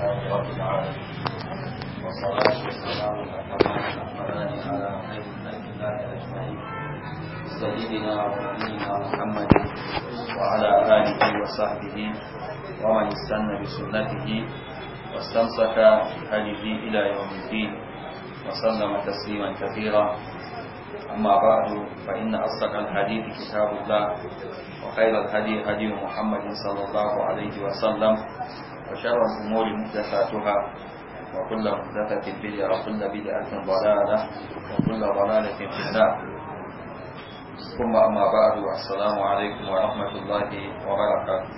لله رب العالمين والصلاة والسلام على خير الله أجمعين سيدنا ونبينا محمد وعلى آله وصحبه ومن استنى بسنته واستمسك بهديه إلى يوم الدين وسلم تسليما كثيرا أما بعد فإن أصدق الحديث كتاب الله وخير الهدي هدي محمد صلى الله عليه وسلم وشر الأمور محدثاتها وكل محدثة بدعة وكل بدعة ضلالة وكل ضلالة في النار ثم أما بعد السلام عليكم ورحمة الله وبركاته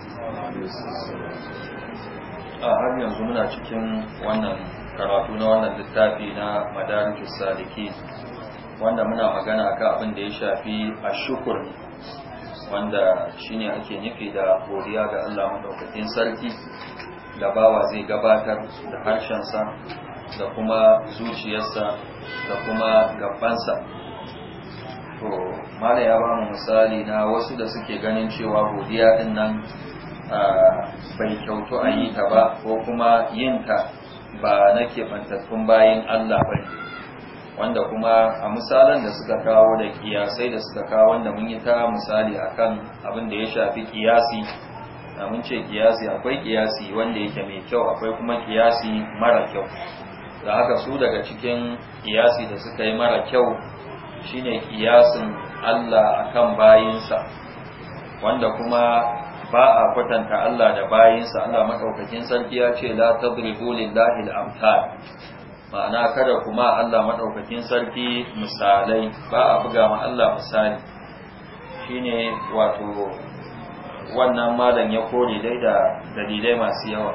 أهل ينظمنا تكون وانا كراتونا وانا na مدارك littafi na madarijus saliki wanda muna magana kan abin da ya shafi a shukur wanda shine ake nufi da godiya ga Allah madaukakin sarki da bawa zai gabatar da harshensa da kuma zuciyarsa da kuma gabansa to mala ya bamu misali na wasu da suke ganin cewa godiya din nan bai kyautu a yi ta ba ko kuma yin ta ba na bantattun bayan Allah ba wanda kuma a misalan da suka kawo da kiyasai da suka kawo wanda mun yi ta misali akan abin da ya shafi kiyasi da mun ce kiyasi akwai kiyasi wanda yake mai kyau akwai kuma kiyasi mara kyau da haka su daga cikin kiyasi da suka yi mara kyau shine kiyasin Allah akan bayinsa wanda kuma ba a kwatanta Allah da bayinsa Allah madaukakin sarki ya ce la tadribu lillahi al-amthal ma'ana kada kuma Allah madaukakin sarki misalai ba a buga ma Allah misali shine wato wannan malam ya kore dai da dalilai masu yawa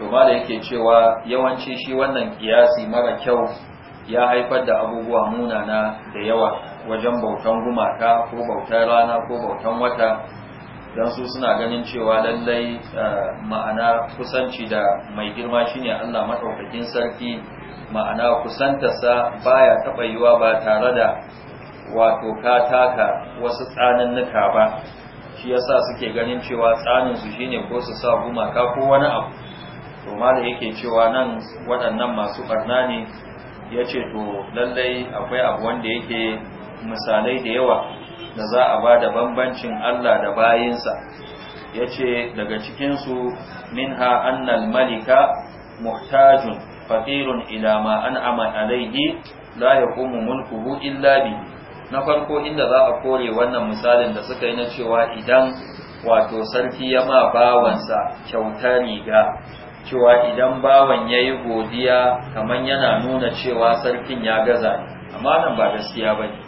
to mala yake cewa yawanci shi wannan kiyasi mara kyau ya haifar da abubuwa munana da yawa wajen bautan gumaka ko bautan rana ko bautan wata don su suna ganin cewa lallai eh, ma'ana kusanci da mai girma shine Allah maɗaukakin sarki ma'ana kusantarsa baya taɓa yiwa ba tare da wato ka taka wasu tsanannuka ba shi yasa suke ganin cewa tsaninsu shine ko su sa gumaka ko wani abu to malam yake cewa nan waɗannan masu barna ne ya ce to lallai akwai abu wanda yake misalai da yawa da za a ba da bambancin Allah da bayinsa ya ce daga cikinsu minha annal malika muhtajun faqirun ila ma an'ama alayhi la yaqumu mulkuhu illa na farko inda za a kore wannan misalin da suka yi na cewa idan wato sarki ya ma bawansa kyauta riga cewa idan bawan ya yi godiya kamar yana nuna cewa sarkin ya gaza ne amma nan ba gaskiya ba ne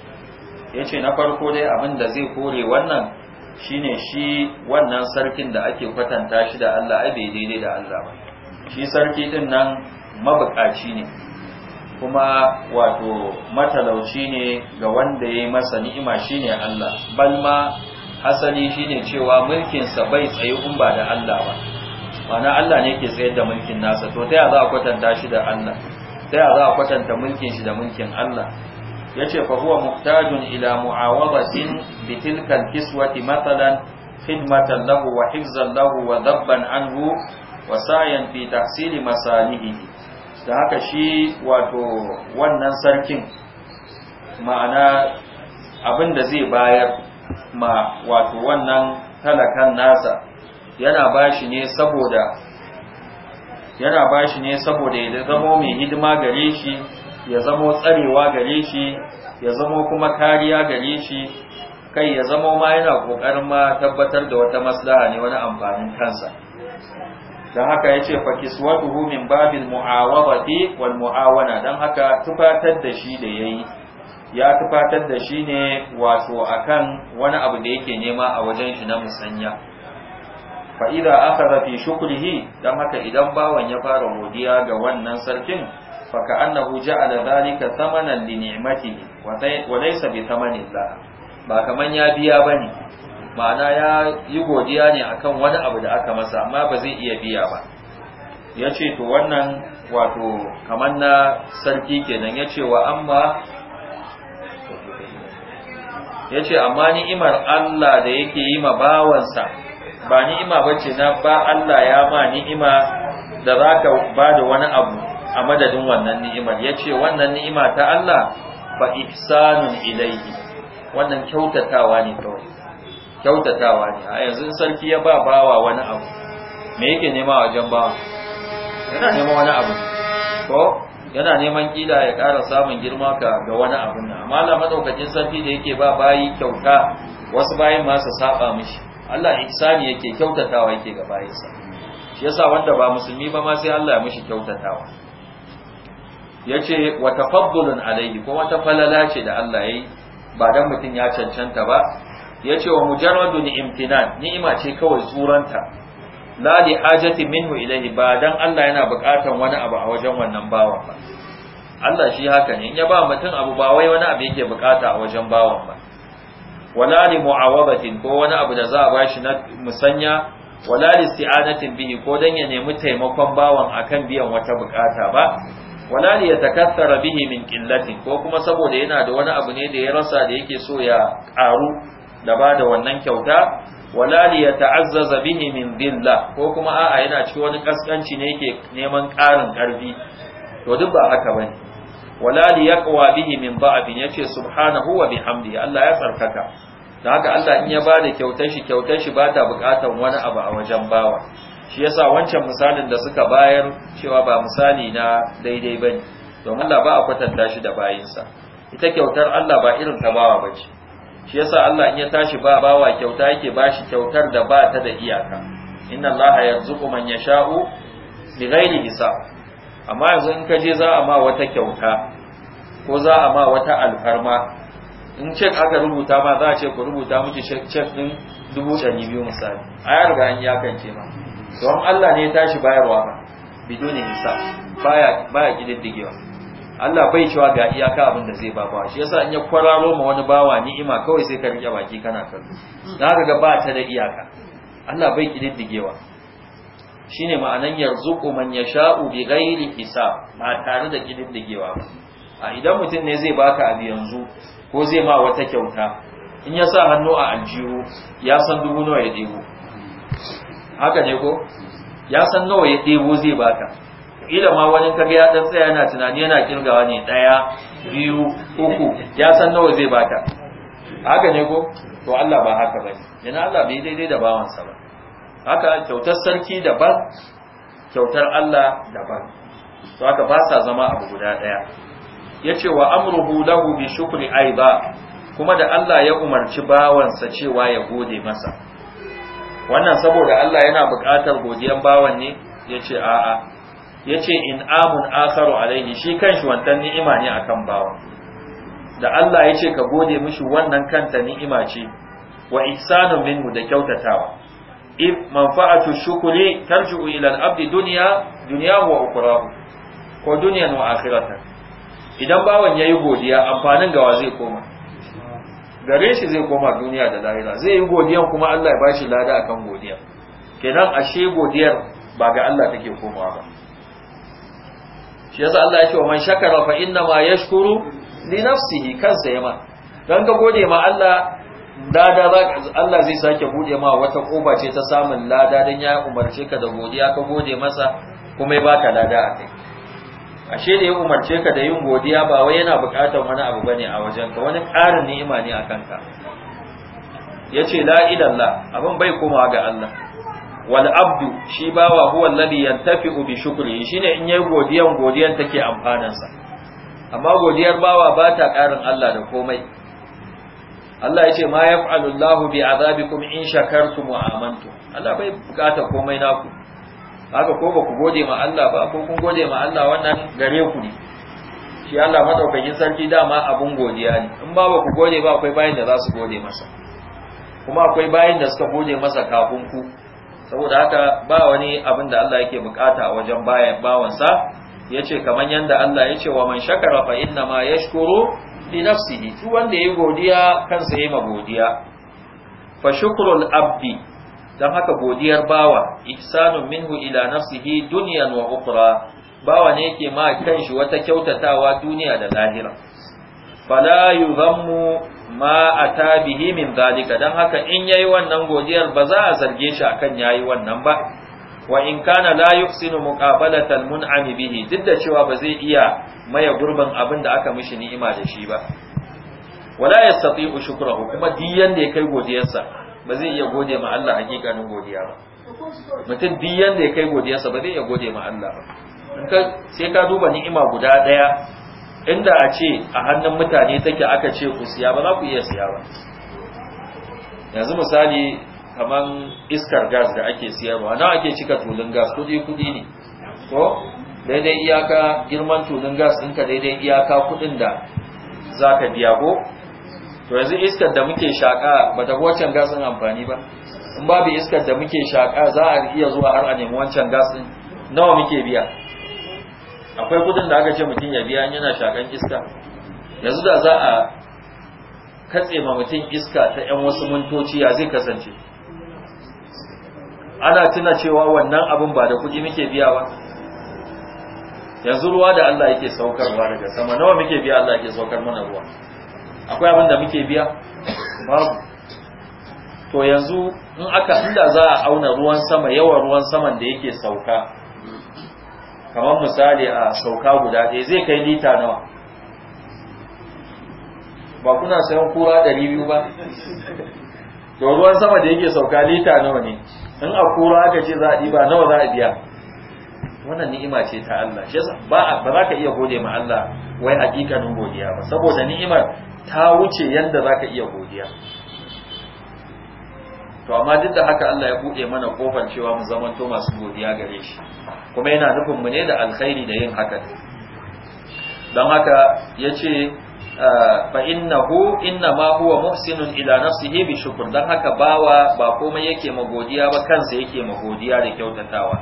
ya ce na farko dai abin da zai kore wannan shine shi wannan sarkin da ake kwatanta shi da Allah ai bai daidai da Allah ba shi sarki din nan mabukaci ne kuma wato matalauci ne ga wanda ya yi masa ni'ima shine Allah balma asali shine cewa mulkinsa bai tsaye in ba da Allah ba mana Allah ne ke tsayar da mulkin nasa to ta za a kwatanta shi da Allah ta za a kwatanta mulkin shi da mulkin Allah yace fa huwa muhtajun ila mu'awadatin bi tilka kiswati matalan khidmatan lahu wa hifzan lahu wa dabban anhu wa sa'yan fi tahsili masalihi da haka shi wato wannan sarkin ma'ana abin da zai bayar ma wato wannan talakan nasa yana bashi ne saboda yana bashi ne saboda ya zamo mai hidima gare shi ya zamo tsarewa gare shi ya zamo kuma kariya gare shi kai ya zamo ma yana kokarin ma tabbatar da wata maslaha ne wani amfanin kansa da haka yace fa kiswatuhu min babil mu'awadati wal mu'awana dan haka tufatar da shi da yayi ya tufatar da shi ne wato akan wani abu da yake nema a wajen shi na musanya fa aka akhadha fi shukrihi dan haka idan bawan ya fara godiya ga wannan sarkin fa ka annahu ja'ala dhalika thamanan li ni'matihi wa laysa bi la ba kaman ya biya bane ma'ana ya yi godiya ne akan wani abu da aka masa amma ba zai iya biya ba ya ce to wannan wato kamar na sarki kenan ya ce wa amma ya ce amma ni'imar Allah da yake yi ma bawansa ba ni'ima ba ce na ba Allah ya ma ni'ima da za ka ba da wani abu a madadin wannan ni'imar ya ce wannan ni'ima ta Allah fa ihsanun ilaihi wannan kyautatawa ne kawai kyautatawa ne a yanzu sarki ya ba bawa wani abu me yake nema wajen bawa yana neman wani abu ko yana neman kila ya ƙara samun girma ka ga wani abu na amma Allah madaukakin sarki da yake ba bayi kyauta wasu bayin ma su saba mishi Allah ihsani yake kyautatawa yake ga bayinsa shi yasa wanda ba musulmi ba ma sai Allah ya mishi kyautatawa yace wa tafaddulun alaihi kuma ta falala ce da Allah yayi ba dan mutun ya cancanta ba ya ce wa ni imtinan ni'ima ce kawai tsuranta la li hajati minhu ilayhi ba dan Allah yana buƙatan wani abu a wajen wannan bawan ba Allah shi haka ne in ya ba mutum abu ba wai wani abu yake buƙata a wajen bawan ba wala li mu'awabatin ko wani abu da za a bashi na musanya wala li si'anatin bihi ko dan ya nemi taimakon bawan akan biyan wata buƙata ba wala li yatakathara bihi min qillatin ko kuma saboda yana da wani abu ne da ya rasa da yake so ya ƙaru da ba da wannan kyauta wala li yata'azzaza bihi min dhilla ko kuma a'a yana cikin wani kaskanci ne yake neman ƙarin ƙarfi to duk ba haka bane wala li yaqwa bihi min ba'din yace subhanahu wa bihamdi Allah ya tsarkaka dan haka Allah in ya bada kyautar shi kyautar shi ba ta wani abu a wajen bawa shi yasa wancan misalin da suka bayar cewa ba misali na daidai bane domin Allah ba a kwatanta shi da bayinsa ita kyautar Allah ba irin ta bawa bace shi yasa Allah in ya tashi ba bawa kyauta yake bashi kyautar da ba ta da iyaka inna Allah yarzuqu man yasha'u ghairi hisab amma yanzu in ka je za a ma wata kyauta ko za a ma wata alfarma in cek aka rubuta ma za a ce ku rubuta miki cek din dubu ɗari biyu misali a ya riga an ce ma don Allah ne ya tashi bayarwa ba bidoni hisab baya baya kididdigewa Allah bai cewa ga iyaka abin da zai ba shi yasa in ya kwararo ma wani bawa ni'ima kawai sai ka rike baki kana kallo Na ga ba ta da iyaka Allah bai kididdigewa shine ma'anan yarzuqu man yasha'u bi ghairi hisab ba tare da kididdigewa a idan mutum ne zai baka abu yanzu ko zai ma wata kyauta in ya sa hannu a aljihu ya san dubu nawa ya debo haka ne ko ya san nawa ya debo zai baka kila ma wani kaga ya dan tsaya yana tunani yana kirgawa ne daya biyu uku ya san nawa zai baka haka ne ko to Allah ba haka bane yana Allah bai daidai da bawansa ba haka kyautar sarki ba kyautar Allah ba to haka ba sa zama abu guda daya yace wa amruhu lahu bi shukri aiba kuma da Allah ya umarci bawansa cewa ya gode masa wannan saboda Allah yana buƙatar godiyan bawan ne yace a'a yace in amun asaru alaihi shi kanshi wannan ni'ima ne akan bawa da Allah ya ce ka gode mishi wannan kanta ni'ima ce wa ihsanu minhu da kyautatawa if manfa'atu shukuri tarji'u ila al-abdi dunya dunya wa ukhrahu ko dunya wa akhirata idan bawan yayi godiya amfanin gawa zai koma gare shi zai koma duniya da lahira zai yi godiyan kuma Allah ya bashi lada akan godiya kenan ashe godiyar ba ga Allah take komawa ba shi yasa Allah ya ce wa man shakara fa inna ma yashkuru li nafsihi kansa yama dan ka gode ma Allah da za Allah zai sake bude ma wata koba ce ta samun lada dan ya umarce ka da godiya ka gode masa kuma ya baka lada a kai ashe da ya umarce ka da yin godiya ba wai yana bukatar wani abu bane a wajen ka wani ƙarin ni'ima ne a ka. yace la illallah abin bai komawa ga Allah wal abdu shi bawa huwa alladhi yantafi'u bi shukri shine in yayi godiyan godiyan take amfanansa amma godiyar bawa ba ta karin Allah da komai Allah ya ce ma yaf'alu Allahu bi azabikum in shakartum wa amantum Allah bai bukata komai naku haka ko ba ku gode ma Allah ba ko kun gode ma Allah wannan gare ku ne shi Allah madaukakin sarki dama abun godiya ne in ba ba ku gode ba akwai bayin da za su gode masa kuma akwai bayin da suka gode masa kafin ku saboda haka ba wani abin da Allah yake bukata a wajen bayan bawansa yace kaman yadda Allah ya ce wa man shakara fa inna ma yashkuru li nafsihi duk wanda yayi godiya kansa yayi ma godiya fa shukrul abdi dan haka godiyar bawa ihsanun minhu ila nafsihi dunyan wa bawa ne yake ma kanshi wata kyautatawa duniya da lahira fala yuzammu ma ata bihi min zalika dan haka in yayi wannan godiyar ba za a zarge shi akan yayi wannan ba wa in kana la yuhsinu al mun'am bihi duk da cewa ba zai iya maye gurbin abin da aka mishi ni'ima da shi ba wala yastati'u shukrahu kuma diyan da ya kai godiyarsa ba zai iya gode ma Allah hakikanin godiya ba mutum diyan da ya kai godiyarsa ba zai iya gode ma Allah ba in ka sai ka duba ni'ima guda daya inda a ce a hannun mutane take aka ce ku siya ba za ku iya siya ba yanzu misali kamar iskar gas da ake siyarwa na ake cika tulun gas kudi kudi ne ko daidai iyaka girman tulun gas ɗinka daidai iyaka kudin da za ka biya ko to yanzu iskar da muke shaƙa ba ta wancan gas ɗin amfani ba in babu iskar da muke shaƙa za a iya zuwa har a nemi wancan gas ɗin nawa muke biya akwai kudin da aka ce mutum ya biya yana shakan iska yanzu da za a katse ma mutum iska ta 'yan wasu mintoci ya zai kasance ana tuna cewa wannan abin ba da kuɗi muke biya ba yanzu ruwa da Allah yake saukarwa daga sama nawa muke biya Allah yake saukar mana ruwa akwai abin da muke biya babu to yanzu in aka inda za a auna ruwan sama yawan ruwan saman da yake sauka kamar misali a sauka guda ɗaya zai kai lita nawa ba kuna sayan kura ɗari biyu ba to ruwan sama da yake sauka lita nawa ne in a kura aka ce za a ɗiba nawa za a biya wannan ni'ima ce ta Allah shi ba ba za ka iya gode ma Allah wai hakikanin godiya ba saboda ni'imar ta wuce yanda za ka iya godiya to amma duk da haka Allah ya buɗe mana kofar cewa mu zamanto masu godiya gare shi kuma yana nufin mu ne da alkhairi da yin haka don haka ya ce ah, fa innahu inna ma huwa muhsinun ila nafsihi bi shukr dan haka bawa ba komai yake magodiya ba kansa yake magodiya da kyautatawa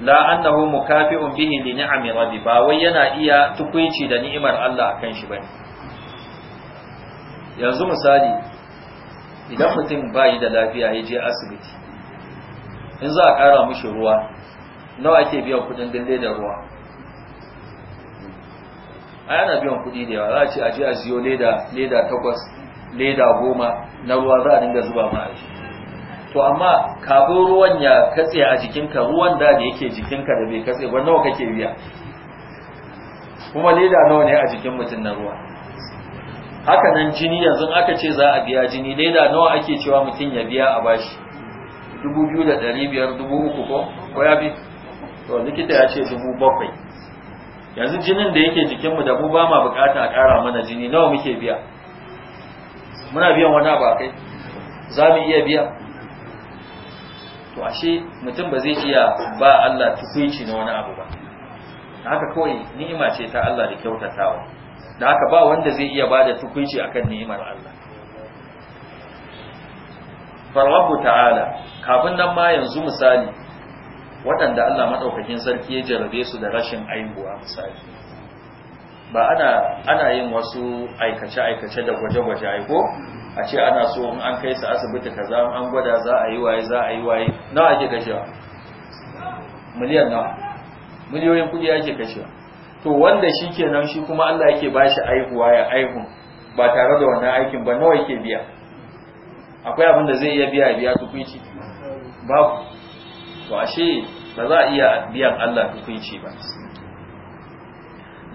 la annahu mukafi'un bihi li ni'ami rabbi ba wai yana iya tukuici da ni'imar Allah akan shi bane yanzu misali idan mutum bayi da lafiya ya je asibiti in za a ƙara mushi ruwa nawa ake biyan kudin dille da ruwa a yana biyan kudi da yawa za a ce a je a siyo leda takwas leda goma na ruwa za a dinga zuba ma a ji to amma kafin ruwan ya katse a jikinka ruwan da da yake jikinka da bai katse ba nawa kake biya kuma leda nawa ne a jikin mutum na ruwa haka nan jini yanzu aka ce za a biya jini leda nawa ake cewa mutum ya biya a bashi dubu biyu da ɗari biyar dubu uku ko ya bi to likita ya ce dubu bakwai yanzu jinin da yake jikinmu da mu ba ma bukata a ƙara mana jini nawa muke biya muna biyan wani abu kai za mu iya biya to ashe mutum ba zai iya ba Allah tukunci na wani abu ba haka kawai ni'ima ce ta Allah da kyautatawa da haka ba wanda zai iya bada tukunci akan ni'imar Allah farwabu ta'ala kafin nan ma yanzu misali waɗanda Allah maɗaukakin sarki ya jarabe su da rashin aihuwa misali ba ana ana yin wasu aikace-aikace da gwaje-gwaje aiko a ce ana so in an kai su asibiti kaza an gwada za a yi waye za a yi waye nawa ake kashewa miliyan nawa miliyoyin kuɗi ake kashewa to wanda shi kenan shi kuma Allah yake bashi aihuwa ya aihu ba tare da wannan aikin ba nawa yake biya akwai abin da zai iya biya biya tukunci babu to ashe ba za a iya biyan Allah tukunci ba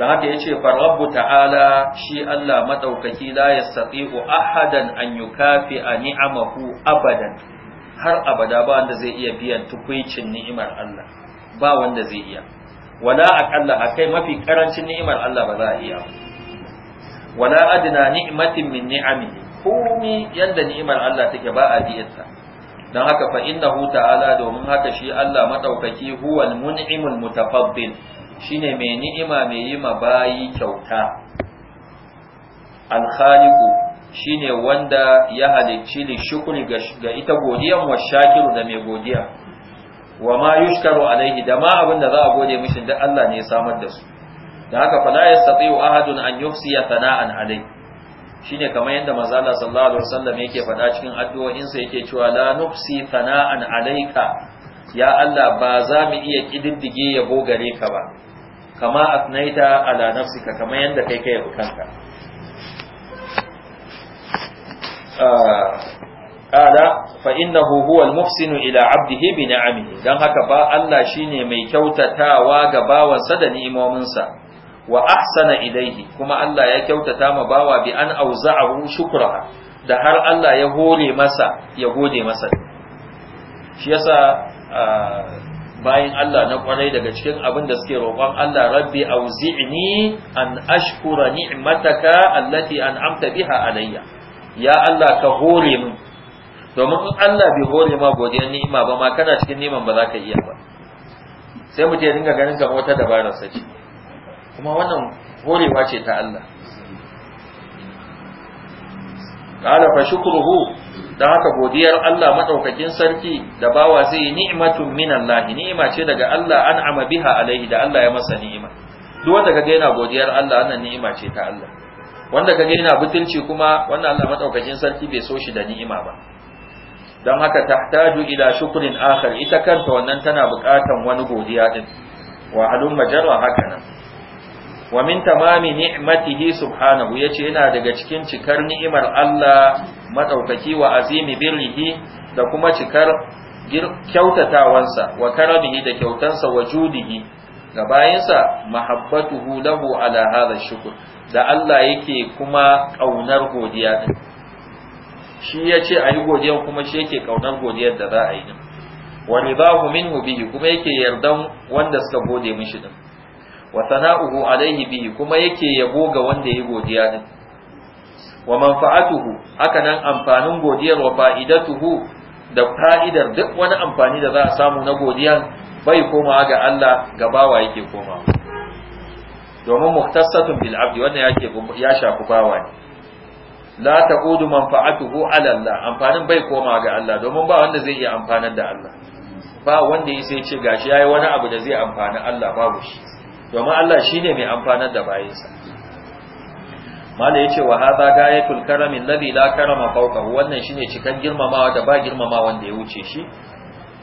da haka yace rabbu ta'ala shi Allah madaukaki la yastati'u ahadan an yukafi ni'amahu abadan har abada ba wanda zai iya biyan tukuncin ni'imar Allah ba wanda zai iya wala aqalla kai mafi karancin ni'imar Allah ba za a iya wala adna ni'matin min ni'amihi komi yanda ni'imar Allah take ba a dan haka fa innahu ta'ala domin haka shi Allah madaukaki huwal mun'imul mutafaddil shine mai ni'ima mai yi ma bayi kyauta al khaliqu shine wanda ya halicci li shukri ga ita godiyan wa shakiru da mai godiya wa ma yushkaru alaihi da ma abin da za a gode mishi da Allah ne ya samar da su da haka la yastati'u ahadun an yufsiya thana'an alai shine kamar yadda manzo Allah sallallahu alaihi wasallam yake faɗa cikin addu'o'in sa yake cewa la nufsi thana'an alaika ya Allah ba za mu iya kididdige yabo gare ka ba kama asnaita ala nafsika kamar yadda kai kai kanka ah, qala fa innahu huwa al-muhsinu ila 'abdihi bi ni'amihi dan haka fa Allah shine mai kyautatawa ga bawansa da ni'imominsa wa ahsana ilaihi kuma Allah ya kyautata ma bawa bi an auza'ahu shukra da har Allah ya hore masa ya gode masa shi yasa bayan Allah na kwarai daga cikin abin da suke roƙon Allah rabbi auzi'ni an ashkura ni'mataka allati an'amta biha alayya ya Allah ka hore min domin in Allah bai hore ma godiyar ni'ima ba ma kana cikin neman ba za ka iya ba sai mu je dinga ganin kamar wata dabarar sa ce kuma wannan horewa ce ta Allah qala fa shukruhu da haka godiyar Allah madaukakin sarki da bawa zai yi ni'matun min Allah ni'ima ce daga Allah an an'ama biha alaihi da Allah ya masa ni'ima duk wanda kaga yana godiyar Allah wannan ni'ima ce ta Allah wanda kaga yana butulci kuma wannan Allah madaukakin sarki bai so shi da ni'ima ba don haka tahtaju ila shukrin akhar ita kanta wannan tana buƙatan wani godiya din wa halum majarra haka nan wa min tamami ni'matihi subhanahu yace yana daga cikin cikar ni'imar Allah madaukaki wa azimi birrihi da kuma cikar kyautatawansa wa karamihi da kyautansa wa judihi ga bayinsa mahabbatuhu lahu ala hadha shukr da Allah yake kuma kaunar godiya din shi ya ce a yi godiyar kuma shi yake kaunar godiyar da za a yi din wa ridahu minhu bihi kuma yake yardan wanda suka gode mishi din wa sana'uhu alaihi bihi kuma yake yabo ga wanda ya godiya din wa manfa'atuhu haka nan amfanin godiyar wa fa'idatuhu da fa'idar duk wani amfani da za a samu na godiyan bai koma ga Allah ga bawa yake koma domin muktasatun bil abdi wannan yake ya shafi bawa la taqudu manfa'atuhu ala Allah amfanin bai koma ga Allah domin ba wanda zai iya amfanar da Allah ba wanda ya sai ce gashi yayi wani abu da zai amfana Allah babu shi domin Allah shine mai amfanar da bayinsa malai yace wa hadha gayatul karami alladhi la karama fawqahu wannan shine cikan girmamawa da ba girmamawa wanda ya wuce shi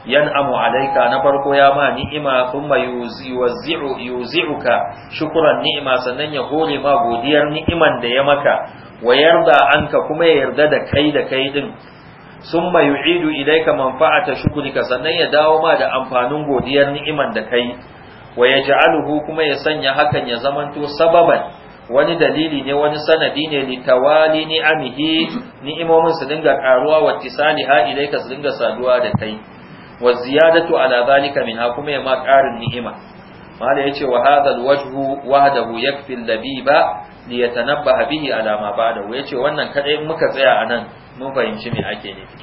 yan'amu alaika na farko ya ma ni'ima kuma yuzi'uka shukran ni'ima sannan ya gode ma godiyar ni'iman da ya maka wa yarda anka kuma ya yarda da kai da kai din summa yu'idu ilayka manfa'ata ka sannan ya dawo ma da amfanin godiyar ni'iman da kai wa yaj'aluhu kuma ya sanya hakan ya zamanto sababan wani dalili ne wani sanadi ne li tawali ni'amihi ni'imomin su dinga karuwa wa tisaliha ilayka su dinga saduwa da kai wa ziyadatu ala zalika minha kuma ya ma karin ni'ima mala yace wa hadal wajhu wahdahu yakfi al-labiba li yatanabbaha bihi ala ma ba'dahu yace wannan kadai muka tsaya anan mun fahimci me ake nufi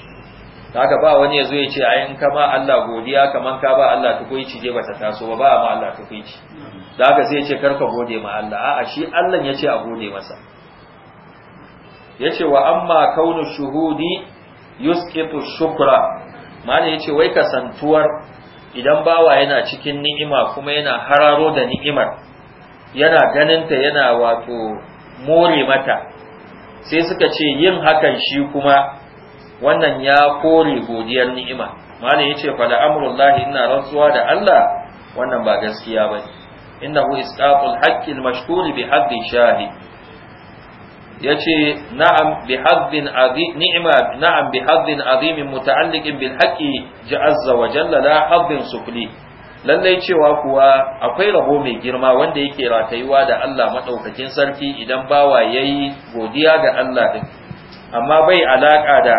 kaga ba wani yazo yace ai in kama Allah godiya kaman ka ba Allah tukuici je bata taso ba ba ma Allah tukuici daga sai yace karka gode ma Allah a'a shi Allah yace a gode masa yace wa amma kaunu shuhudi yusqitu shukra mala yace wai kasantuwar idan bawa yana cikin ni'ima kuma yana hararo da ni'imar yana ganin ta yana wato more mata sai suka ce yin hakan shi kuma wannan ya kore godiyar ni'ima malam yace fa la amrullahi inna rantsuwa da Allah wannan ba gaskiya bane innahu isqatul haqqi al bi haqqi shahi. Ya na'am bi haddin azim na'am bi haddin azimin muta'alliqin bil haqqi ja'azza wa haddin sufli lallai cewa kuwa akwai rabo mai girma wanda yake ratayuwa da Allah madaukakin sarki idan bawa yayi godiya ga Allah din amma bai alaƙa da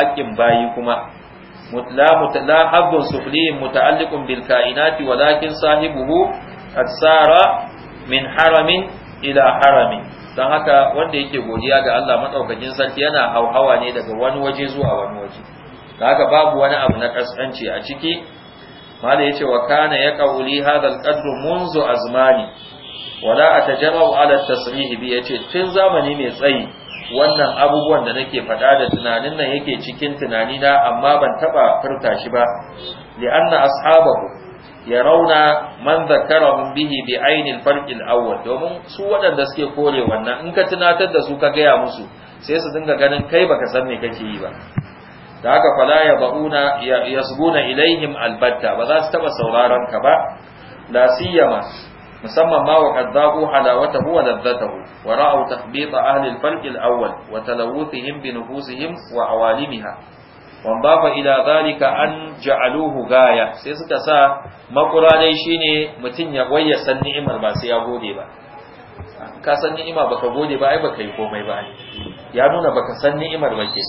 haƙƙin bayi kuma la haddin sufli muta'alliqun bil kainati walakin sahibuhu atsara min haramin ila haramin don haka wanda yake godiya ga Allah matsaukakin sarki yana hauhawa ne daga wani waje zuwa wani waje don haka babu wani abu na kasance a ciki mala yace wa kana ya qauli hadha alqadr munzu azmani wala atajarru ala tasirihi bi yace tun zamani mai tsayi wannan abubuwan da nake faɗa da tunanin nan yake cikin tunanina amma ban taɓa furta shi ba li'anna ashabahu ya rauna man zakarahum bihi bi ainil farqil awwal domin su waɗanda suke kore wannan in ka tunatar da su ka gaya musu sai su dinga ganin kai baka san me kake yi ba da haka fala ya bauna yasbuna ilaihim albatta ba za su taɓa sauraron ka ba la siyama musamman ma wa kadzabu halawatahu wa ladzatahu wa ra'u takhbita ahli alfarqil awwal wa talawuthihim bi nufusihim wa awalimiha wambafa ila zalika an ja'aluhu gaya sai suka sa makura dai shine mutum ya wayya san ni'imar ba sai ya gode ba ka san ni'ima baka gode ba ai baka yi komai ba ya nuna baka san ni'imar ba ke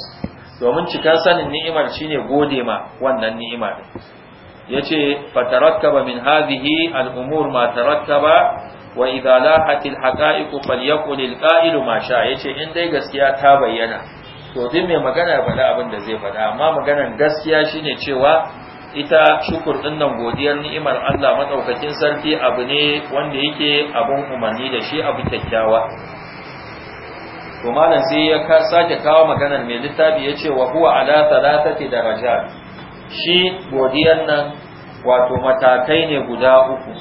domin cika sanin ni'imar shine gode ma wannan ni'ima yace fatarakkaba min hadhihi al-umur ma tarakkaba wa idza lahat haqaiq falyaqul al-qa'ilu ma sha yace in dai gaskiya ta bayyana to duk mai magana ya faɗa abin da zai faɗa amma maganar gaskiya shine cewa ita shukur ɗin nan godiyar ni'imar Allah maɗaukakin sarki abu ne wanda yake abun umarni da shi abu kyakkyawa to malam sai ya sake kawo maganar mai littafi ya ce wa huwa ala thalathati darajat shi godiyar nan wato matakai ne guda uku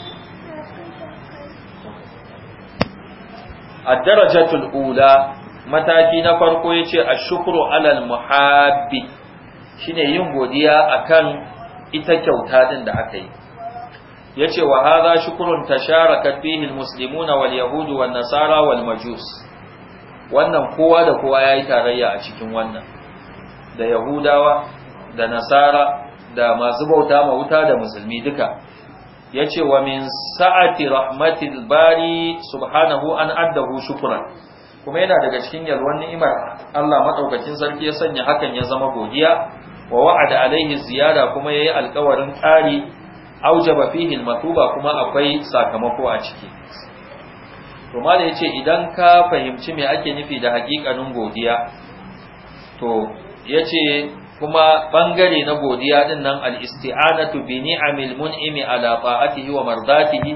ad-darajatul ula mataki na farko ya ce a shukuru alal muhabbi shine yin godiya akan ita kyauta din da aka yi ya ce wa haza shukurun tasharaka fihi almuslimuna wal yahudu wan nasara wal majus wannan kowa da kowa yayi tarayya a cikin wannan da yahudawa da nasara da masu bauta ma wuta da musulmi duka yace wa min sa'ati rahmatil bari subhanahu an addahu shukuran kuma yana daga cikin yalwan ni'imar Allah madaukakin sarki ya sanya hakan ya zama godiya wa wa'ada alaihi ziyada kuma yayi alƙawarin ƙari aujaba fihi al kuma akwai sakamako a ciki to malai yace idan ka fahimci me ake nufi da haƙiƙanin godiya to yace kuma bangare na godiya din nan al-isti'anatu bi ni'amil mun'imi ala ta'atihi wa mardatihi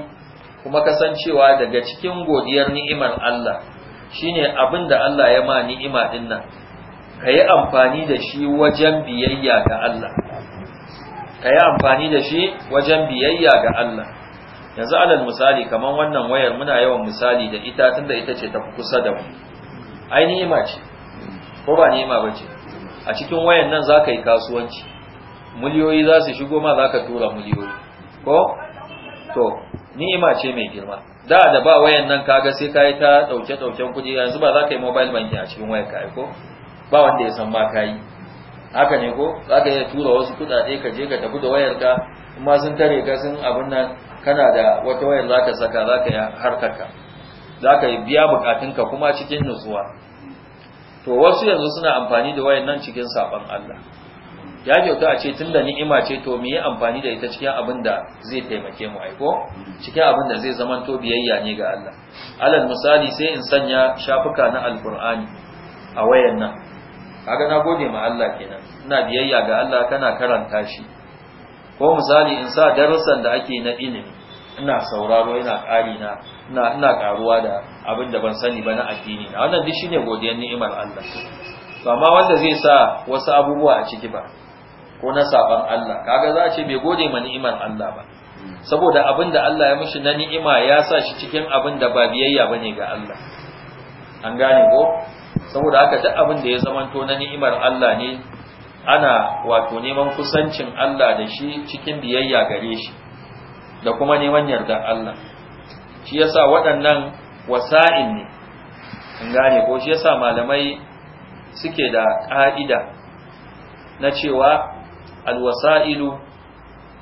kuma kasancewa daga cikin godiyar ni'imar Allah shine abin da Allah ya ma ni'ima din nan ka yi amfani da shi wajen biyayya ga Allah ka amfani da shi wajen biyayya ga Allah yanzu alal misali kamar wannan wayar muna yawan misali da ita tunda ita ce ta kusa da mu ai ni'ima ce ko ba ni'ima ba a cikin wayan nan zaka yi kasuwanci miliyoyi za su shigo ma za tura miliyoyi ko to ni'ima ce mai girma da da ba wayan nan kaga sai kai ta dauke daukan kuɗi yanzu ba za ka yi mobile banking a cikin wayar ka ko ba wanda ya san ma kai haka ne ko za ka iya tura wasu kuɗaɗe ka je ka tafi da wayar ka kuma sun tare ka sun abin nan kana da wata wayar za ka saka za ka yi harkarka za ka biya bukatunka kuma cikin nutsuwa to wasu yanzu suna amfani da wayan nan cikin saɓon Allah ya kyauta a ce tun da ni'ima ce to mu yi amfani da ita cikin abin da zai taimake mu aiko cikin abin da zai zama to biyayya ne ga Allah alal misali sai in sanya shafuka na alqur'ani a wayan nan kaga na gode ma Allah kenan ina biyayya ga Allah kana karanta shi ko misali in sa darussan da ake na ilimi ina sauraro ina ƙari na ina ina karuwa da abin da ban sani ba na addini na wannan duk shine godiyar ni'imar Allah to amma wanda zai sa wasu abubuwa a ciki ba ko na saban Allah kaga za a ce bai gode ma ni'imar Allah ba saboda abin da Allah ya mishi na ni'ima ya sa shi cikin abin da ba biyayya bane ga Allah an gane ko saboda haka duk abin da ya zamanto na ni'imar Allah ne ana wato neman kusancin Allah da shi cikin biyayya gare shi da kuma neman yarda Allah shi yasa waɗannan wasa'in ne An gane ko shi yasa malamai suke da ƙa'ida na cewa alwasa'ilu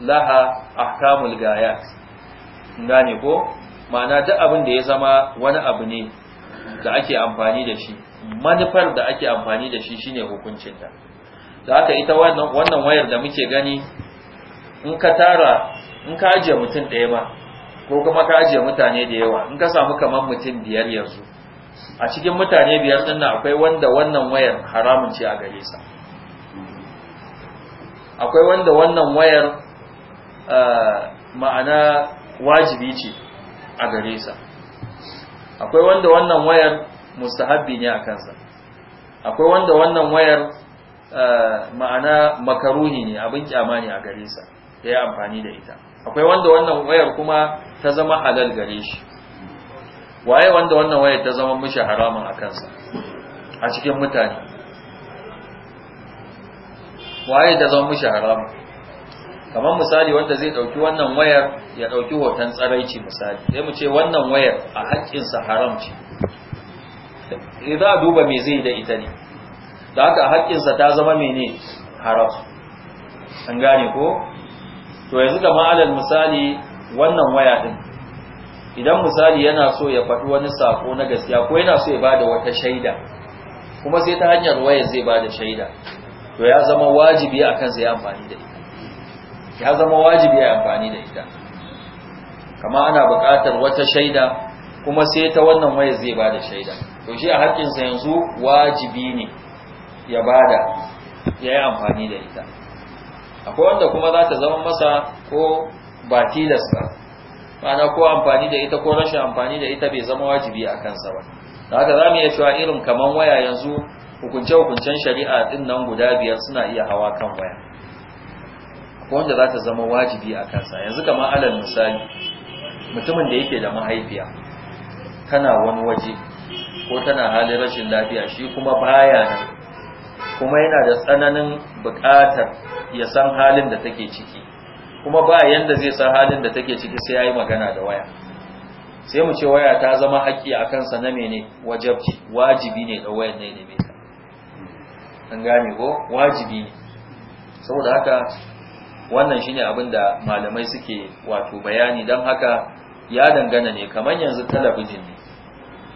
laha ahkamul gayat gane ko ma'ana duk abin da ya zama wani abu ne da ake amfani da shi manufar da ake amfani da shi shine hukuncinta da haka ita wannan wayar da muke gani in ka tara in ka ajiye mutum ɗaya ba ko kuma ka ajiye mutane da yawa in ka samu kamar mutum biyar yanzu a cikin mutane biyar ɗin akwai wanda wannan wayar haramun ce a gare sa akwai wanda wannan wayar uh, ma'ana wajibi ce a gare sa akwai wanda wannan wayar mustahabbi ne a kansa akwai wanda wannan wayar uh, ma'ana makaruhi ne abin kyama ne a gare sa ya yi amfani da ita akwai wanda wannan wayar kuma ta zama halal gare shi waye wanda wannan wayar ta zama mishi haramun a kansa a cikin mutane waye da zama mishi haramu kamar misali wanda zai dauki wannan wayar ya dauki hoton tsaraici misali sai mu ce wannan wayar a haƙƙinsa haram ce idan eh, duba me zai da ita ne da haka a haƙƙinsa ta zama mene haram an gane ko to yanzu da ma'alar misali wannan waya din idan misali yana so ya faɗi wani sako na gaskiya ko yana so ya bada wata shaida kuma sai ta hanyar waya zai bada shaida to ya zama wajibi a kansa ya amfani da ita ya zama wajibi ya amfani da ita kama ana buƙatar wata shaida kuma sai ta wannan waya zai bada shaida to shi a haƙƙinsa yanzu wajibi ne ya ba da ya yi amfani da ita akwai wanda kuma za ta zama masa ko ba tilasta ma'ana ko amfani da ita ko rashin amfani da ita bai zama wajibi a kansa ba da haka za mu iya cewa irin kaman waya yanzu hukunce-hukuncen shari'a din nan guda biyar suna iya hawa kan waya wanda za ta zama wajibi a kansa yanzu kama alal misali mutumin da yake da mahaifiya tana wani waje ko tana halin rashin lafiya shi kuma baya nan kuma yana da tsananin buƙatar ya san halin da take ciki kuma ba yanda zai san halin da take ciki sai ya yi magana da waya sai mu ce waya ta zama haƙƙi a kansa na mene wajabci wajibi ne da wayan ne ne an gane ko wajibi ne saboda haka wannan shine abin da malamai suke wato bayani don haka ya dangana ne kamar yanzu talabijin ne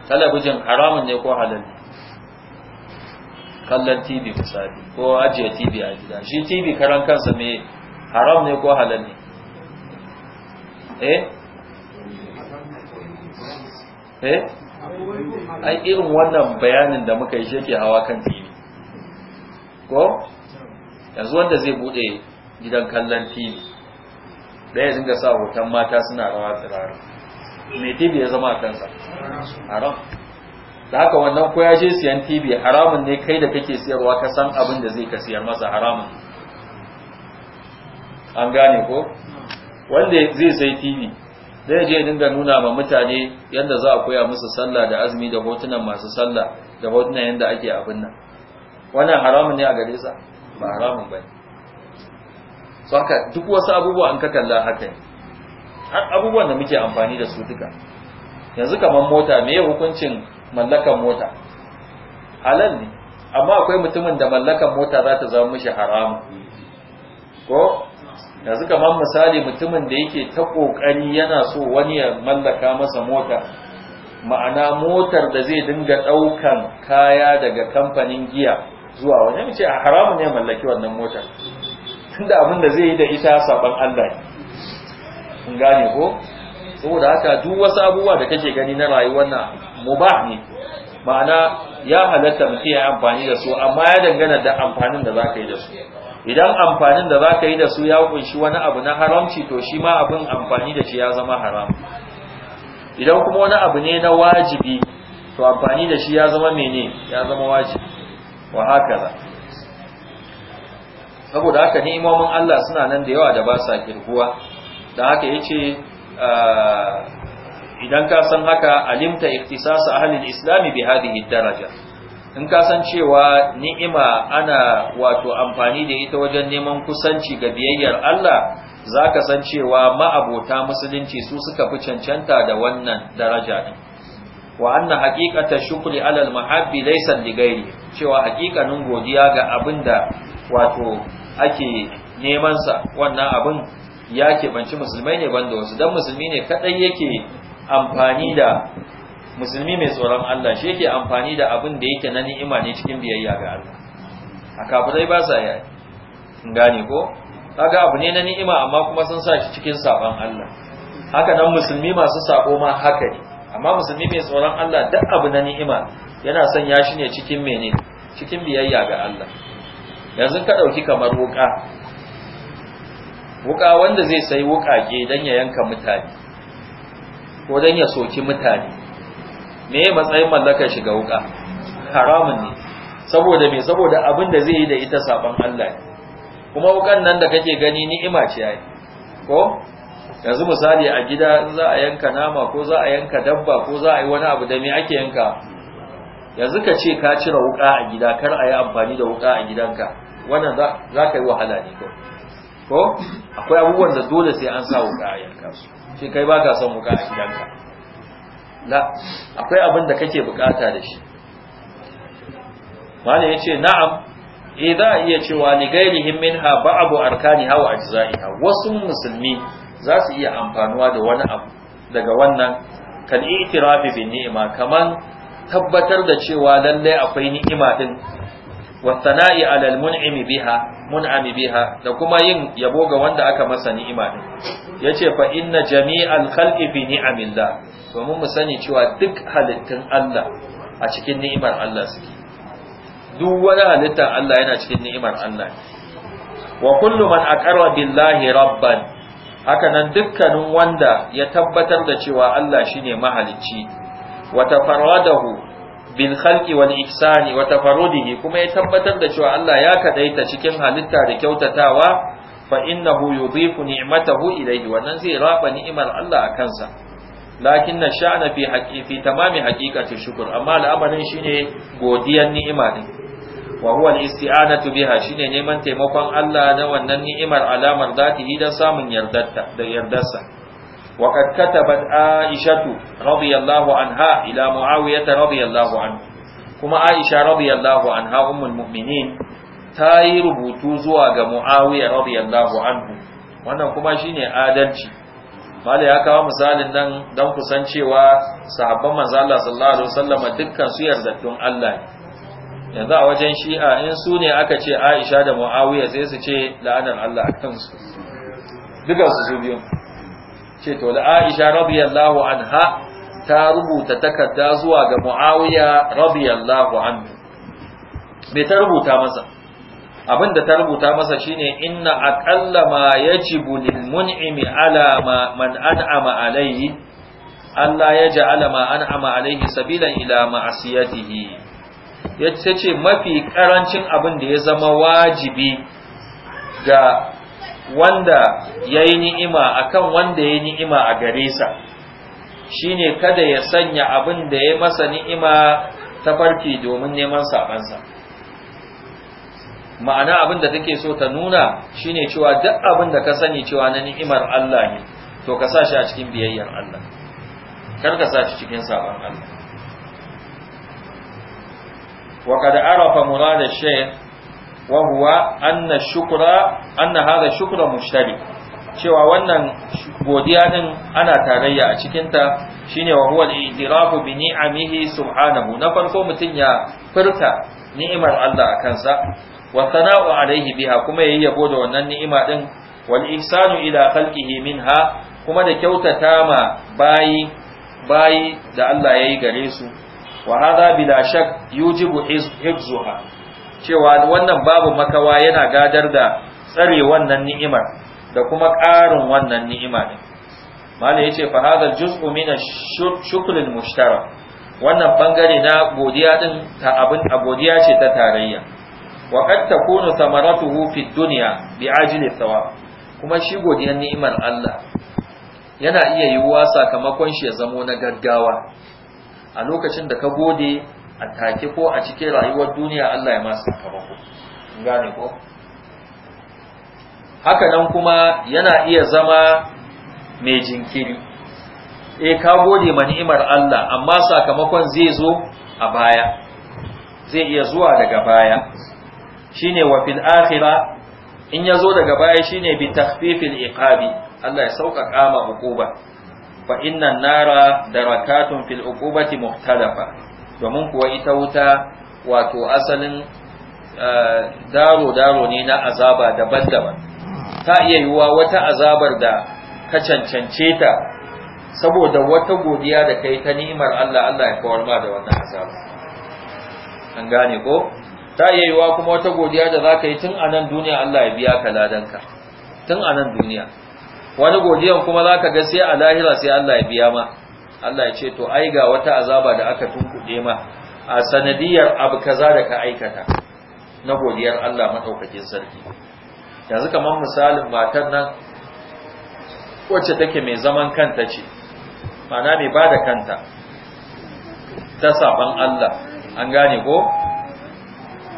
talabijin haramun ne ko halal ne kallon tv misali ko ajiye tv a gida shi tv karan kansa mai haram ne ko halal ne eh eh ai irin wannan bayanin da muka yi shi ke hawa kan tv ko yanzu wanda zai bude gidan kallon tv da ya dinga sa hoton mata suna rawa tsirara mai tv ya zama a kansa haram da haka wannan ko ya siyan tv haramun ne kai da kake siyarwa ka san abin da zai ka siyar masa haramun an gane ko wanda zai sai tv zai je dinga nuna ma mutane yadda za a koya musu sallah da azumi da hotunan masu sallah da hotunan yadda ake abin nan wannan haramun ne a gare sa ba haramun ba so haka duk wasu abubuwa an ka kalla haka ne har abubuwan da muke amfani da su duka yanzu kamar mota me hukuncin mallakan mota halal ne amma akwai mutumin da mallakan mota za ta zama mishi haramu ko yanzu kamar misali mutumin da yake ta kokari yana so wani ya mallaka masa mota ma'ana motar da zai dinga daukan kaya daga kamfanin giya zuwa wani mace a haramun ne mallaki wannan motar tunda abin da zai yi da ita saban Allah ne gane ko saboda haka duk wasu abubuwa da kake gani na rayuwar nan mubah ne ma'ana ya halatta mutum ya amfani da su amma ya dangana da amfanin da zaka yi da su idan amfanin da zaka yi da su ya kunshi wani abu na haramci to shi ma abin amfani da shi ya zama haram idan kuma wani abu ne na wajibi to amfani da shi ya zama mene ya zama wajibi wa hakaza saboda haka ni'imomin Allah suna nan da yawa da ba sa kirguwa da haka yace ah, idan ka san haka alimta ikhtisasa ahlil islam bi hadhihi daraja in ka san cewa ni'ima ana wato amfani da ita wajen neman kusanci ga biyayyar Allah zaka san cewa ma'abota musulunci su suka fi cancanta da wannan daraja din wa anna haqiqata shukri ala al-mahabbi laysa li ghairi cewa haqiqanin godiya ga abinda wato ake neman sa wannan abin ya banci musulmai ne banda wasu dan musulmi ne kadai yake amfani da musulmi mai tsoron Allah shi yake amfani da abin da yake na ni'ima ne cikin biyayya ga Allah a kafirai ba sa yi gane ko kaga abu ne na ni'ima amma kuma sun sa shi cikin sabon Allah haka nan musulmi masu sako ma haka ne amma musulmi mai tsoron Allah duk abu na ni'ima yana son ya shine cikin mene cikin biyayya ga Allah yanzu ka ɗauki kamar wuƙa wuƙa wanda zai sai ke don ya yanka mutane ko don ya soki mutane me ya matsayin shi shiga wuka haramun ne saboda me saboda abin da zai yi da ita saban Allah kuma wukan nan da kake gani ni'ima ce ai ko yanzu misali a gida in za a yanka nama ko za a yanka dabba ko za a yi wani abu da me ake yanka yanzu ka ce ka cire wuka a gida kar a yi amfani da wuka a gidanka wannan za ka yi wahala ne ko ko akwai abubuwan da dole sai an sa wuka a yanka su shi kai ba ka son wuka a gidanka la akwai abin da kake bukata da shi wani ya ce na'am idan eh, za a iya cewa li gairihim minha ba'abu arkani hawa ajza'iha wasu musulmi za su iya amfanuwa da wani abu daga wannan kan itirafi bi ni'ima kaman tabbatar da cewa lallai akwai ni'ima din wasana'i alal mun'imi biha mun'ami biha da kuma yin yabo ga wanda aka masa ni'ima din yace fa inna jami'al khalqi fi ni'amillah domin mu sani cewa duk halittun Allah a cikin ni'imar Allah suke duk wani halitta Allah yana cikin ni'imar Allah wa kullu man aqarra billahi rabban haka nan dukkanin wanda ya tabbatar da cewa Allah shine mahalicci wa tafaradahu bil khalqi wal ihsani wa tafarudihi kuma ya tabbatar da cewa Allah ya kadaita cikin halitta da kyautatawa fa innahu yudhifu ni'matahu ilayhi wannan zai raba ni'imar Allah a kansa lakin na sha'ana fi haqiqi fi tamami haqiqati shukr amma al'amarin shine godiyar ni'ima din wa huwa al-isti'anatu biha shine neman taimakon Allah na wannan ni'imar alamar zatihi dan samun yardarta da yardarsa wa kad katabat aishatu radiyallahu anha ila muawiyah radiyallahu anhu kuma aisha radiyallahu anha ummul mu'minin ta yi rubutu zuwa ga muawiyah radiyallahu anhu wannan kuma shine adalci mala ya kawo misalin nan dan kusancewa sahabban manzo Allah sallallahu alaihi wasallam dukkan su yardattun Allah ne yanzu a wajen shi'a in su ne aka ce aisha da mu'awiya sai su ce la'anar Allah a kansu dukansu su biyu ce to da aisha an anha ta rubuta takarda zuwa ga mu'awiya radiyallahu anhu me ta rubuta masa abin da ta rubuta masa shine inna akalla ma ya ci bulin mun'imi alama man man ama alayhi Allah ya ji alama an ama alayhi sabilan ila ma'asiyatihi ya ce mafi karancin abin da ya zama wajibi ga wanda ya yi ni'ima akan wanda ya yi ni'ima a gare sa shine kada ya sanya abin da ya masa ni'ima ta farki domin neman sabansa ma'ana abin da take so ta nuna shine cewa duk abin da ka sani cewa na ni'imar Allah ne to ka sa shi a cikin biyayyar Allah kar ka sa shi cikin sabon Allah وقد Arafa مراد الشيخ وهو أن الشكر أن هذا الشكر مشترك cewa wannan godiya din ana tarayya a cikinta shine wa huwa al subhanahu na farko mutum ya furta ni'imar Allah a kansa wa sana'u alaihi biha kuma yayi yabo da wannan ni'ima din wal ihsanu ila khalqihi minha kuma da kyautata ma bayi da Allah yayi gare su wa hada bila shak yujibu hifzuha cewa wannan babu makawa yana gadar da tsare wannan ni'imar da kuma ƙarin wannan ni'ima ne malai yace fa hada juz'u min shukril mushtara wannan bangare na godiya din ta abin a godiya ce ta tarayya wa qad takunu thamaratuhu fi dunya bi ajli thawab kuma shi godiyar ni'imar Allah yana iya yiwuwa sakamakon shi ya zamo na gaggawa a lokacin da ka gode a take ko a cikin rayuwar duniya Allah ya masu sakamako gane ko haka nan kuma yana iya zama mai jinkiri eh ka gode ma ni'imar Allah amma sakamakon zai zo a baya zai iya zuwa daga baya shine wa fil akhirah in yazo daga baya shine bi takhfifil iqabi Allah ya sauƙaƙa ma hukuma fa inna nara darakatun fil uqubati muhtalafa domin kuwa ita wuta wato asalin eh, daro daro ne na azaba daban-daban ta iya yiwuwa wata azabar da ka cancance ta saboda wata godiya da kai ta ni'imar Allah Allah ya kawar ma da wannan azaba an gane ko ta iya yiwuwa kuma wata godiya da za ka yi tun a nan duniya Allah ya biya ka ladanka tun a nan duniya wani godiyan kuma za ka ga sai a lahira sai Allah ya biya ma Allah ya ce to ai ga wata azaba da aka tunkuɗe ma a sanadiyar abu kaza da ka aikata na godiyar Allah maɗaukakin sarki yanzu kamar misalin matar nan wacce take mai zaman kanta ce mana mai bada da kanta ta saban Allah an gane ko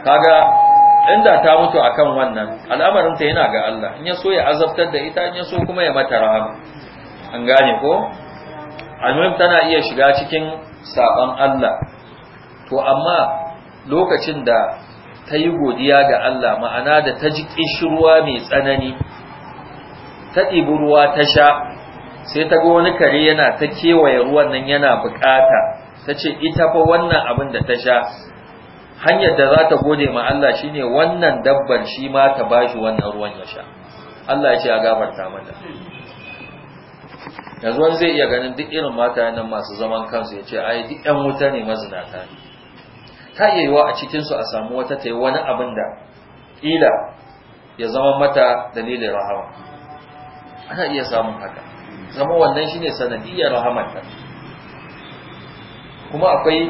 kaga inda ta mutu akan wannan al'amarin ta yana ga Allah in ya so ya azabtar da ita in ya so kuma ya mata rahama an gane ko annabi tana iya shiga cikin saban Allah to amma lokacin da ta yi godiya ga Allah ma'ana da ta ji ƙishirwa mai tsanani ta ɗibi ruwa ta sha sai ta ga wani kare yana ta kewaye ruwan nan yana bukata ta ce ita fa wannan abin da ta sha hanyar da za ta gode ma Allah shine wannan dabbar shi ma ta bashi wannan ruwan ya sha Allah ya ce a gafarta mata yanzu wani zai iya ganin duk irin mata nan masu zaman kansu ya ce a yi duk yan wuta ne mazinata ta iya yiwa a cikinsu a samu wata ta yi wani abin da ƙila ya zama mata dalilin rahama ana iya samun haka zama wannan shine sanadiyyar rahamanta kuma akwai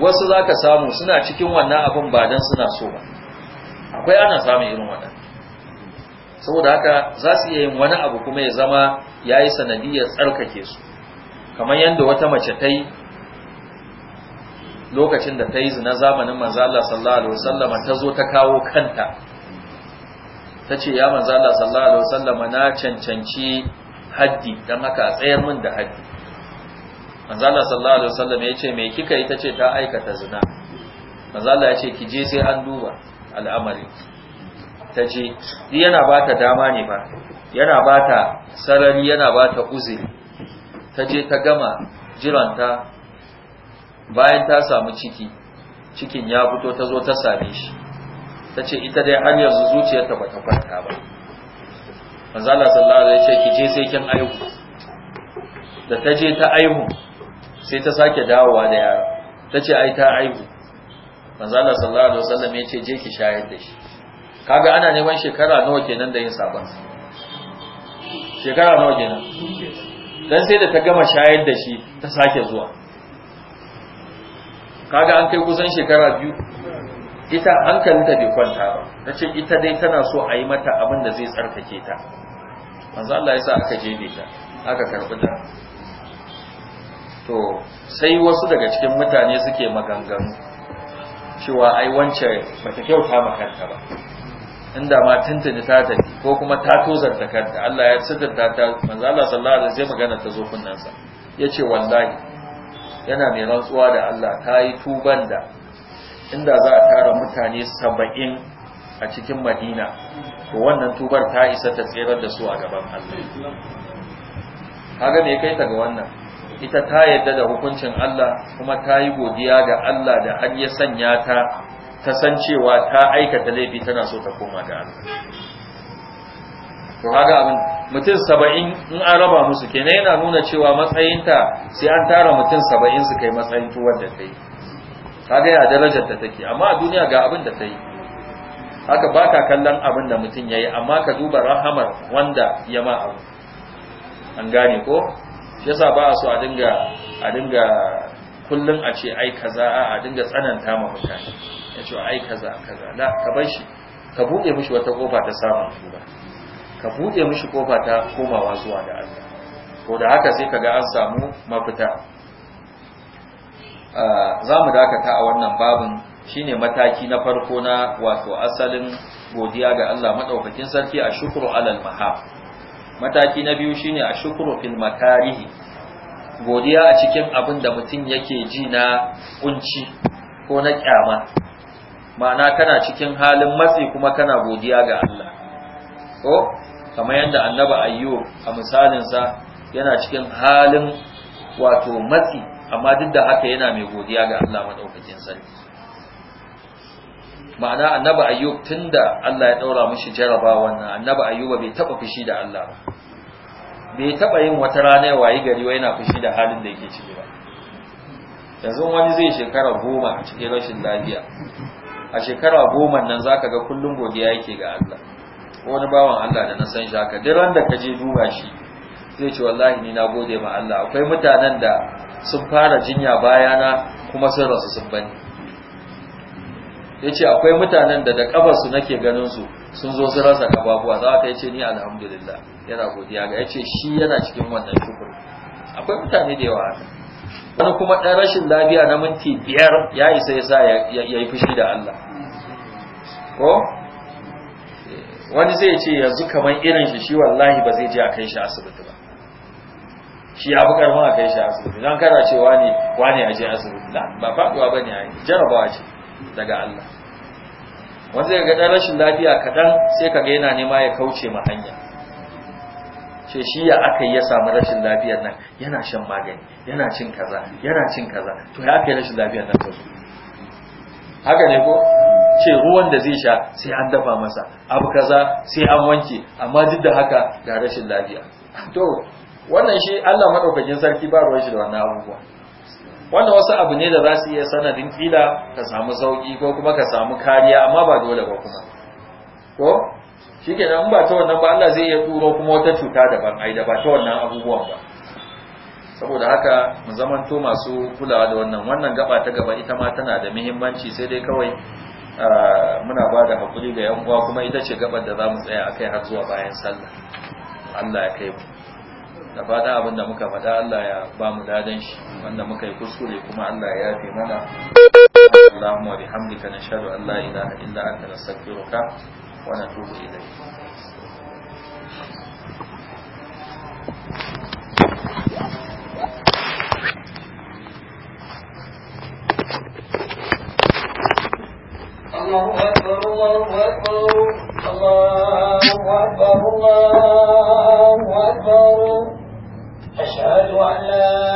wasu za ka samu suna cikin wannan abin ba don suna so ba akwai ana samun irin wannan saboda haka za su iya yin wani abu kuma ya zama ya yi sanadiyar tsarkake su kamar yadda wata mace ta yi lokacin da ta yi zina zamanin manzala sallallahu alaihi sallama ta zo ta kawo kanta ta ce ya manzala sallallahu alaihi sallama na cancanci haddi don haka a tsayar min da haddi manzo Allah sallallahu alaihi wasallam ya ce me kika yi tace ta aikata zina manzo Allah ya ce ki je sai an duba al'amari tace di yana bata dama ne ba yana bata sarari yana bata uzuri tace ta gama jiranta bayan ta samu ciki cikin ya fito ta zo ta same shi tace ita dai har yanzu zuciyarta bata kwanta ba manzo Allah sallallahu alaihi wasallam ya ce ki je sai kin aihu da ta je ta aihu sai ta sake dawowa da yaro ta ce ai ta aihu manzo Allah sallallahu alaihi wasallam ya ce je ki shahid da shi kaga ana neman shekara nawa kenan da yin sabon shekara nawa kenan dan sai da ta gama shayar da shi ta sake zuwa kaga an kai kusan shekara biyu ita hankalinta bai kwanta ba ta ce ita dai tana so a yi mata abin da zai tsarkake ta manzo Allah ya sa aka jebe ta aka karbi ta to sai wasu daga cikin mutane suke maganganu cewa ai wance bata kyauta makanta ba inda ma tuntuni ta tafi ko kuma ta tozar ta kanta Allah ya sitirta ta manzo Allah sallallahu alaihi wasallam magana ta zo sa yace wallahi yana mai rantsuwa da Allah ta yi tuban da inda za a tara mutane 70 a cikin Madina to wannan tubar ta isa ta tsere da su a gaban Allah kaga me kai ta ga wannan ita ta yadda da hukuncin Allah kuma ta yi godiya ga Allah da har ya sanya ta ta san cewa ta aikata laifi tana so ta koma ga Allah to haka abin mutum saba'in in an raba musu kenan yana nuna cewa matsayinta sai an tara mutum saba'in su kai matsayin tuwon da ta yi kaga ya darajar da take amma a duniya ga abin da ta yi haka ba ka kallon abin da mutum ya yi amma ka duba rahamar wanda ya ma abu an gane ko yasa ba a so a dinga a dinga kullum a ce ai kaza a a dinga tsananta ma mutane ya ce ai kaza kaza la ka bar shi ka buɗe mishi wata kofa ta samun tuba ka buɗe mishi kofa ta komawa zuwa da Allah ko da haka sai kaga an samu mafita za mu dakata a wannan babin shine mataki na farko na wato asalin godiya ga Allah madaukakin sarki a shukru alal mahab mataki na biyu shine a shukuru fil makarihi godiya a cikin abin da mutum yake ji na kunci ko na kyama ma'ana kana cikin halin matsi kuma kana godiya ga Allah ko kamar yadda annaba ayyub a misalinsa yana cikin halin wato matsi amma duk da haka yana mai godiya ga Allah madaukakin sarki ma'ana annaba ayyub tunda Allah ya daura mishi jarabawa wannan annaba ayyuba bai taba fushi da Allah ba bai taɓa yin wata rana ya wayi gari wai yana fushi da halin da yake ciki ba yanzu wani zai shekara goma a cikin rashin lafiya a shekara goma nan za ka ga kullum godiya yake ga Allah wani bawan Allah da na san shi haka duk da ka je duba shi zai ce wallahi ni na gode ma Allah akwai mutanen da sun fara jinya bayana kuma sun rasu sun bani Ya ce akwai mutanen da da kafarsu nake ganin su sun zo su rasa kafafuwa za ka ce ni alhamdulillah yana godiya ga ya ce shi yana cikin wannan shukur akwai mutane da yawa haka wani kuma ɗan rashin lafiya na minti biyar ya isa ya sa ya yi fushi da Allah ko wani zai ce yanzu kamar irin shi shi wallahi ba zai je a kai shi asibiti ba shi ya fi karfin a kai shi asibiti don kana cewa ne wane a je asibiti ba faɗuwa ba ne a yi jarabawa ce daga Allah wanda ya ga dan rashin lafiya kaɗan sai kaga yana nema ya kauce ma hanya ce shi ya aka ya samu rashin lafiyar nan yana shan magani yana cin kaza yana cin kaza to ya akai rashin lafiyar nan kasu haka ne ko ce ruwan da zai sha sai an dafa masa abu kaza sai an wanke amma duk da haka ga rashin lafiya to wannan shi Allah madaukakin sarki ba ruwan shi da wannan abubuwa wannan wasu abu ne da za su iya sanadin fila ka samu sauki ko kuma ka samu kariya amma ba dole ba kuma ko shi ke nan ba ta wannan ba Allah zai iya turo kuma wata cuta daban ai da ba ta wannan abubuwan ba saboda haka mu zamanto masu kulawa da wannan wannan gaba ta gaba ita ma tana da muhimmanci sai dai kawai muna ba da hakuri ga yan uwa kuma ita ce gabar da za mu tsaya akai har zuwa bayan sallah Allah ya kai mu da fata abin da muka faɗa Allah ya ba mu dadan shi wanda muka yi kuskure kuma Allah ya yafe mana Allahumma bihamdika nashhadu an la ilaha illa anta nastaghfiruka wa natubu ilayk الله أكبر الله أكبر الله أكبر الله 啊。